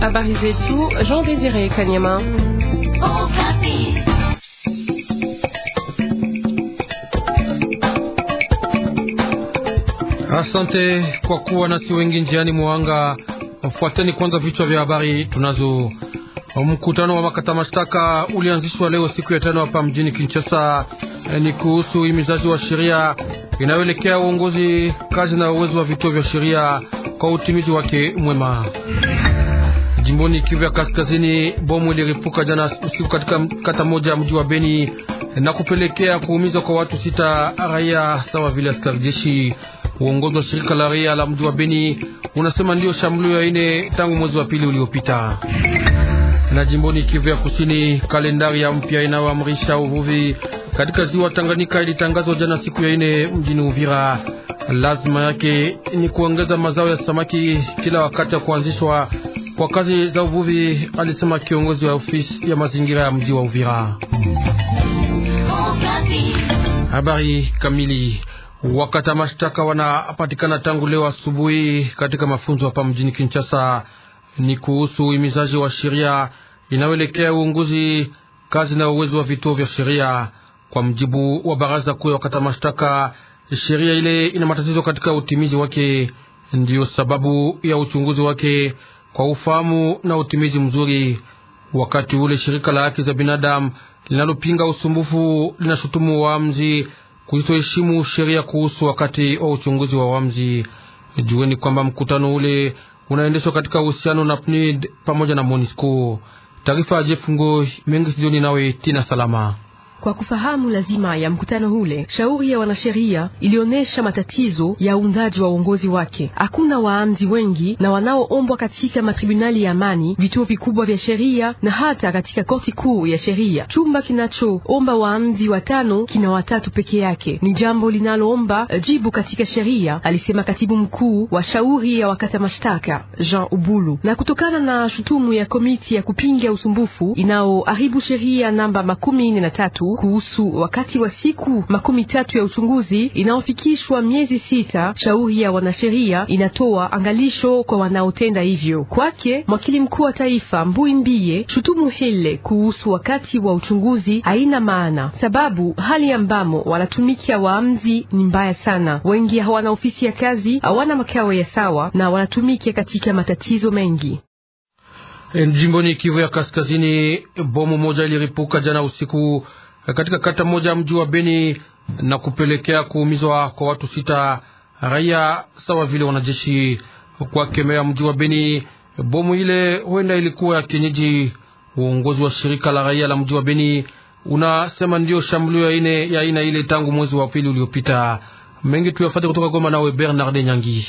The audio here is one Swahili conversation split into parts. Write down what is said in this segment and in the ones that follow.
Habari zetu Jean Désiré Kanyama. Asante kwa kuwa nasi wengi njiani mwanga. Fuateni kwanza vichwa vya habari tunazo. Mkutano wa makata mashtaka ulianzishwa leo siku ya tano hapa mjini Kinshasa. Eh, ni kuhusu imizazi wa sheria inayoelekea uongozi, kazi na uwezo wa vituo vya sheria kwa utimizi wake mwema. Jimboni Kivu ya Kaskazini, bomu iliripuka jana usiku katika kata moja ya mji wa Beni na kupelekea kuumizwa kwa watu sita raia sawa vile askari jeshi. Uongozi wa shirika la raia la mji wa Beni unasema ndiyo shambulio ya ine tangu mwezi wa pili uliopita. Na jimboni Kivu ya Kusini, kalendari ya mpya inayoamrisha uvuvi katika ziwa Tanganyika ilitangazwa jana siku ya ine mjini Uvira. Lazima yake ni kuongeza mazao ya samaki kila wakati ya kuanzishwa kwa kazi za uvuvi, alisema kiongozi wa ofisi ya mazingira ya mji wa Uvira. Habari kamili. Wakata mashtaka wanapatikana tangu leo asubuhi katika mafunzo hapa mjini Kinshasa, ni kuhusu uhimizaji wa sheria inayoelekea uongozi, kazi na uwezo wa vituo vya sheria. Kwa mjibu wa baraza kuu ya wakata mashtaka, sheria ile ina matatizo katika utimizi wake, ndiyo sababu ya uchunguzi wake kwa ufahamu na utimizi mzuri. Wakati ule shirika la haki za binadamu linalopinga usumbufu linashutumu waamzi kuzitoheshimu sheria kuhusu wakati wa uchunguzi wa waamzi. Jueni kwamba mkutano ule unaendeshwa katika uhusiano na PNID pamoja na MONUSCO. Taarifa ya Jefungo mengi studioni, nawe Tina Salama. Kwa kufahamu lazima ya mkutano ule, shauri ya wanasheria ilionyesha matatizo ya uundaji wa uongozi wake. Hakuna waamzi wengi na wanaoombwa katika matribunali ya amani, vituo vikubwa vya sheria na hata katika korti kuu ya sheria. Chumba kinachoomba waamzi watano kina watatu peke yake, ni jambo linaloomba eh, jibu katika sheria, alisema katibu mkuu wa shauri ya wakata mashtaka Jean Ubulu. Na kutokana na shutumu ya komiti ya kupinga usumbufu inaoharibu sheria namba makumi nne na tatu tatu kuhusu wakati wa siku makumi tatu ya uchunguzi inaofikishwa miezi sita. Shauri ya wanasheria inatoa angalisho kwa wanaotenda hivyo. Kwake mwakili mkuu wa taifa Mbui Mbie, shutumu hele kuhusu wakati wa uchunguzi haina maana, sababu hali ambamo wanatumikia waamzi ni mbaya sana. Wengi hawana ofisi ya kazi, hawana makao ya sawa na wanatumikia katika matatizo mengi. Jimboni Kivu ya Kaskazini, bomu moja iliripuka jana usiku katika kata moja mji wa Beni na kupelekea kuumizwa kwa watu sita raia sawa vile wanajeshi. Kwa kemea mji wa Beni, bomu ile huenda ilikuwa ya kienyeji. Uongozi wa shirika la raia la mji wa Beni unasema ndiyo shambulio ya aina ile tangu mwezi wa pili uliopita. Mengi tuyafate kutoka Goma, nawe Bernard Nyangi.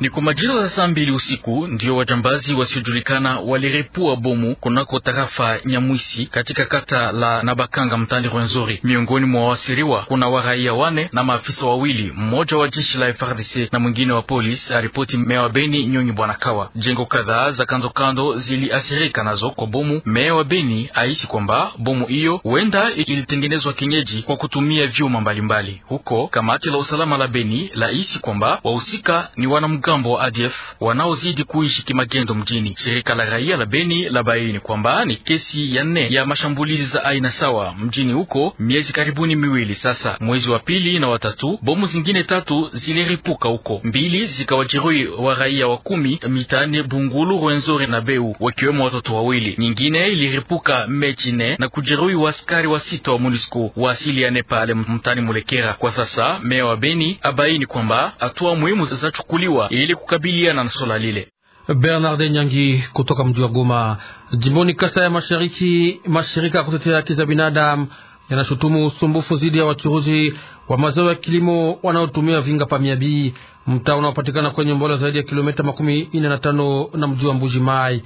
Ni kwa majira za saa mbili usiku ndio wajambazi wasiojulikana walirepua bomu kunako tarafa Nyamwisi katika kata la Nabakanga mtani Rwenzori. Miongoni mwa wasiriwa kuna waraia wane na maafisa wawili, mmoja wa jeshi la FRDC na mwingine wa polisi, aripoti meya wa Beni Nyonyi Bwana Kawa. Jengo kadhaa za kando kando ziliasirika nazo kwa bomu. Meya wa Beni aisi kwamba bomu hiyo huenda ilitengenezwa kenyeji kwa kutumia vyuma mbalimbali. Huko kamati la usalama la Beni laisi kwamba wahusika ni wana wanamgambo wa ADF wanaozidi kuishi kimagendo mjini. Shirika la raia la Beni la baini kwamba ni kesi ya nne ya mashambulizi za aina sawa mjini huko miezi karibuni miwili sasa. Mwezi wa pili na watatu bomu zingine tatu ziliripuka huko, mbili zikawajeruhi wa raia wa kumi mitani Bungulu, Rwenzori na Beu, wakiwemo watoto wawili. Nyingine iliripuka Mechine na kujeruhi wa askari wa sita wa MONUSCO wa asili ya Nepal mtani Mulekera. Kwa sasa meya wa Beni abaini kwamba hatua muhimu zachukuliwa ili kukabiliana na swala lile. Bernard Nyangi kutoka mji wa Goma, jimboni Kasa ya Mashariki. Mashirika ya kutetea haki za binadamu yanashutumu usumbufu dhidi ya wachuruzi wa mazao ya kilimo wanaotumia vinga pamiabii, mtaa unaopatikana kwenye umbali zaidi ya kilomita makumi ine na tano na mji wa Mbuji Mai.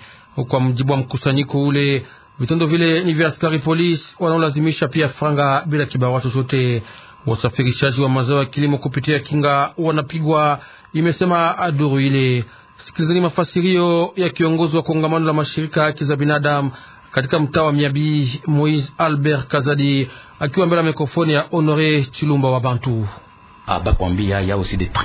Kwa mjibu wa mkusanyiko ule, vitendo vile ni vya askari polisi wanaolazimisha pia franga bila kibawa chochote. Wasafirishaji wa mazao ya kilimo kupitia kinga wanapigwa, imesema aduru ile. Sikilizeni mafasirio ya kiongozi wa kongamano la mashirika haki za binadamu katika mtaa wa Miabi, Moise Albert Kazadi, akiwa mbele ya mikrofoni ya Honore Chilumba wa Bantu. Ah,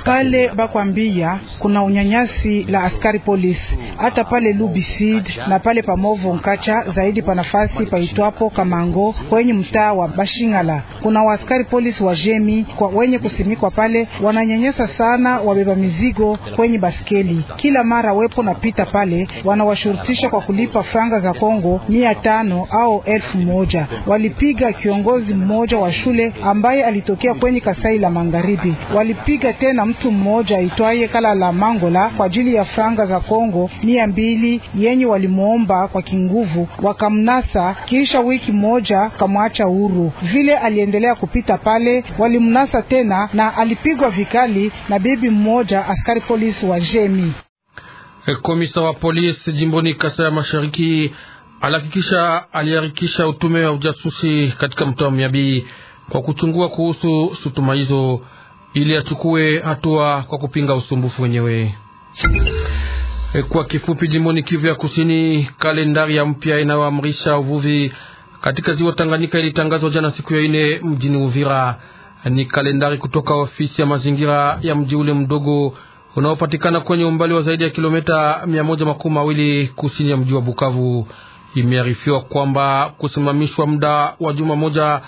pale bakwambia kuna unyanyasi la askari polisi hata pale Lubisid na pale pamovo Nkacha, zaidi pa nafasi paitwapo Kamango kwenye mtaa wa Bashingala. Kuna waaskari polisi wa jemi kwa wenye kusimikwa pale, wananyanyasa sana wabeba mizigo kwenye baskeli. Kila mara wepo na pita pale, wanawashurutisha kwa kulipa franga za Kongo mia tano au elfu moja. Walipiga kiongozi mmoja wa shule ambaye alitokea kwenye Kasai la mangari magharibi walipiga tena mtu mmoja aitwaye Kala la Mangola kwa ajili ya franga za Kongo mia mbili yenye walimwomba kwa kinguvu, wakamnasa. Kisha wiki moja kamwacha huru. Vile aliendelea kupita pale, walimnasa tena na alipigwa vikali na bibi mmoja askari polisi wa Jemi. Eh, komisa wa polisi jimboni Kasai ya Mashariki alihakikisha aliharikisha utume wa ujasusi katika mtaa wa Miabii kwa kuchungua kuhusu shutuma hizo ili achukue hatua kwa kupinga usumbufu wenyewe. E, kwa kifupi, jimboni Kivu ya Kusini, kalendari ya mpya inayoamrisha uvuvi katika ziwa Tanganyika ilitangazwa jana siku ya ine mjini Uvira. Ni kalendari kutoka ofisi ya mazingira ya mji ule mdogo unaopatikana kwenye umbali wa zaidi ya kilomita mia moja makumi mawili kusini ya mji wa Bukavu. Imearifiwa kwamba kusimamishwa muda wa juma moja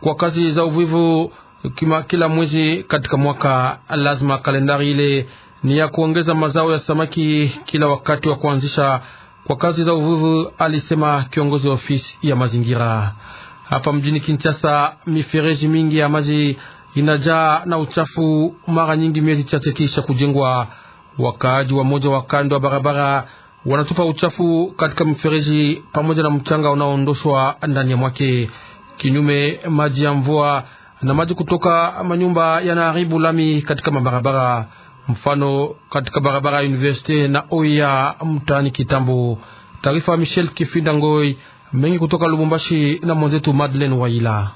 kwa kazi za uvivu kima kila mwezi katika mwaka. Lazima kalendari ile ni ya kuongeza mazao ya samaki kila wakati wa kuanzisha kwa kazi za uvuvu, alisema kiongozi wa ofisi ya mazingira hapa mjini Kinshasa. Mifereji mingi ya maji inajaa na uchafu, mara nyingi miezi chache kisha kujengwa. Wakaaji wa moja wa kando wa barabara wanatupa uchafu katika mifereji pamoja na mchanga unaoondoshwa ndani ya mwake. Kinyume maji ya mvua na maji kutoka manyumba yanaharibu lami katika mabarabara, mfano katika barabara ya Universite na Oya mtaani Kitambo. Taarifa ya Michel Kifinda Ngoi mengi kutoka Lubumbashi na mwenzetu Madeleine Waila.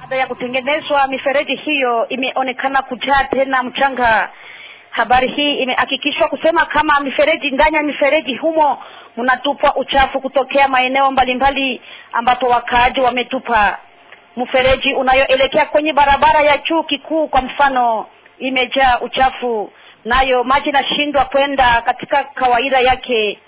Baada ya kutengenezwa mifereji hiyo, imeonekana kujaa tena mchanga. Habari hii imehakikishwa kusema kama mifereji ndani ya mifereji humo munatupwa uchafu kutokea maeneo mbalimbali ambapo wakaaji wametupa mfereji unayoelekea kwenye barabara ya chuo kikuu kwa mfano imejaa uchafu nayo maji nashindwa kwenda katika kawaida yake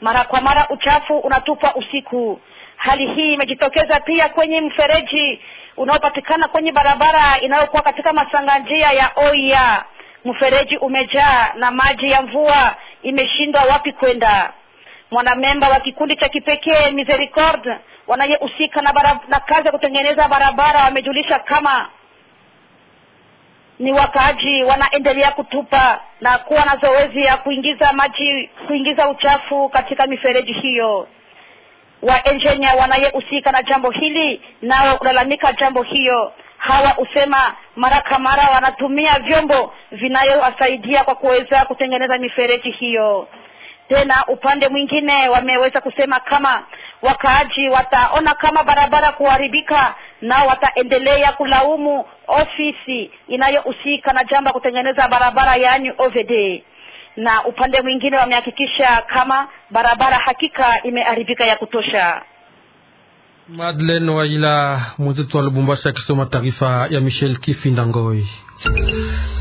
mara kwa mara uchafu unatupwa usiku hali hii imejitokeza pia kwenye mfereji unaopatikana kwenye barabara inayokuwa katika masanganjia ya oia mfereji umejaa na maji ya mvua imeshindwa wapi kwenda mwanamemba wa kikundi cha kipekee misericord wanayehusika na, na kazi ya kutengeneza barabara wamejulisha kama ni wakaaji wanaendelea kutupa na kuwa na zoezi ya kuingiza maji kuingiza uchafu katika mifereji hiyo waenjenia wanayehusika na jambo hili nao ulalamika jambo hiyo hawa husema mara kwa mara wanatumia vyombo vinayowasaidia kwa kuweza kutengeneza mifereji hiyo tena upande mwingine wameweza kusema kama wakaaji wataona kama barabara kuharibika nao wataendelea kulaumu ofisi inayohusika na jambo ya kutengeneza barabara yaani ovd na upande mwingine wamehakikisha kama barabara hakika imeharibika ya kutosha Madeleine Waila mwenzetu wa Lubumbashi akisoma taarifa ya Michel kifindangoi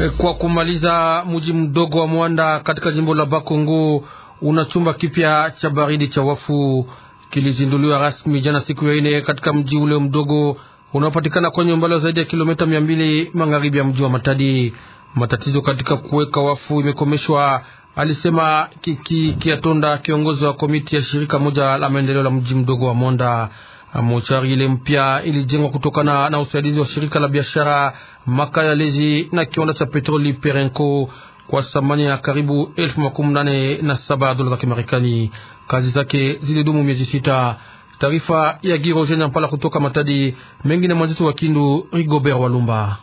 eh, Kwa kumaliza, mji mdogo wa Mwanda katika jimbo la Bakongo una chumba kipya cha baridi cha wafu kilizinduliwa rasmi jana siku ya ine katika mji ule mdogo unaopatikana kwenye umbali wa zaidi ya kilomita mia mbili magharibi ya mji wa Matadi. Matatizo katika kuweka wafu imekomeshwa, alisema Kiki Kiatonda, kiongozi wa komiti ya shirika moja la maendeleo la mji mdogo wa Monda. Mochari ile mpya ilijengwa kutokana na usaidizi wa shirika la biashara Makaya Lezi na kiwanda cha petroli Perenco kwa thamani ya karibu elfu makumi nane na saba dola za Kimarekani. Kazi zake zilidumu miezi sita. Taarifa ya Jenya Mpala kutoka Matadi mengi na mwanzetu wa Kindu Rigobert Walumba.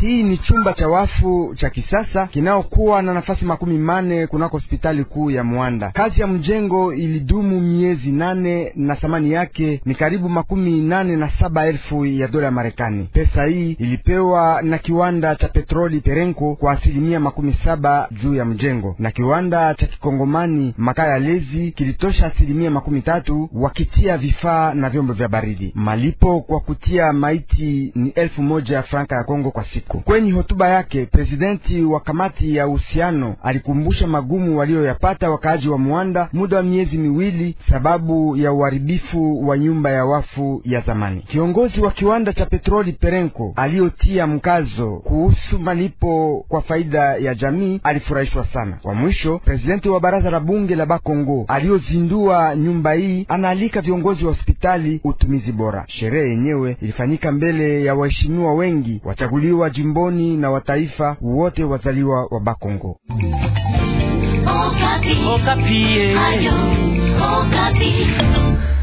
Hii ni chumba cha wafu cha kisasa kinaokuwa na nafasi makumi mane kunako hospitali kuu ya Mwanda. Kazi ya mjengo ilidumu miezi nane na thamani yake ni karibu makumi nane na saba elfu ya dola ya Marekani. Pesa hii ilipewa na kiwanda cha petroli perenko kwa asilimia makumi saba juu ya mjengo, na kiwanda cha kikongomani makaa ya lezi kilitosha asilimia makumi tatu wakitia vifaa na vyombo vya baridi. Malipo kwa kutia maiti ni elfu moja franka ya Kongo kwa siku siku. Kwenye hotuba yake, presidenti wa kamati ya uhusiano alikumbusha magumu waliyoyapata wakaaji wa Mwanda muda wa miezi miwili sababu ya uharibifu wa nyumba ya wafu ya zamani. Kiongozi wa kiwanda cha petroli perenko aliyotia mkazo kuhusu malipo kwa faida ya jamii alifurahishwa sana. Kwa mwisho, presidenti wa baraza la bunge la Bakongo aliyozindua nyumba hii anaalika viongozi wa hospitali utumizi bora. Sherehe yenyewe ilifanyika mbele ya waheshimiwa wengi wachaguliwa majimboni na wataifa wote wazaliwa wa Bakongo. Okapi. Okapi. Eh. Ayo, Okapi.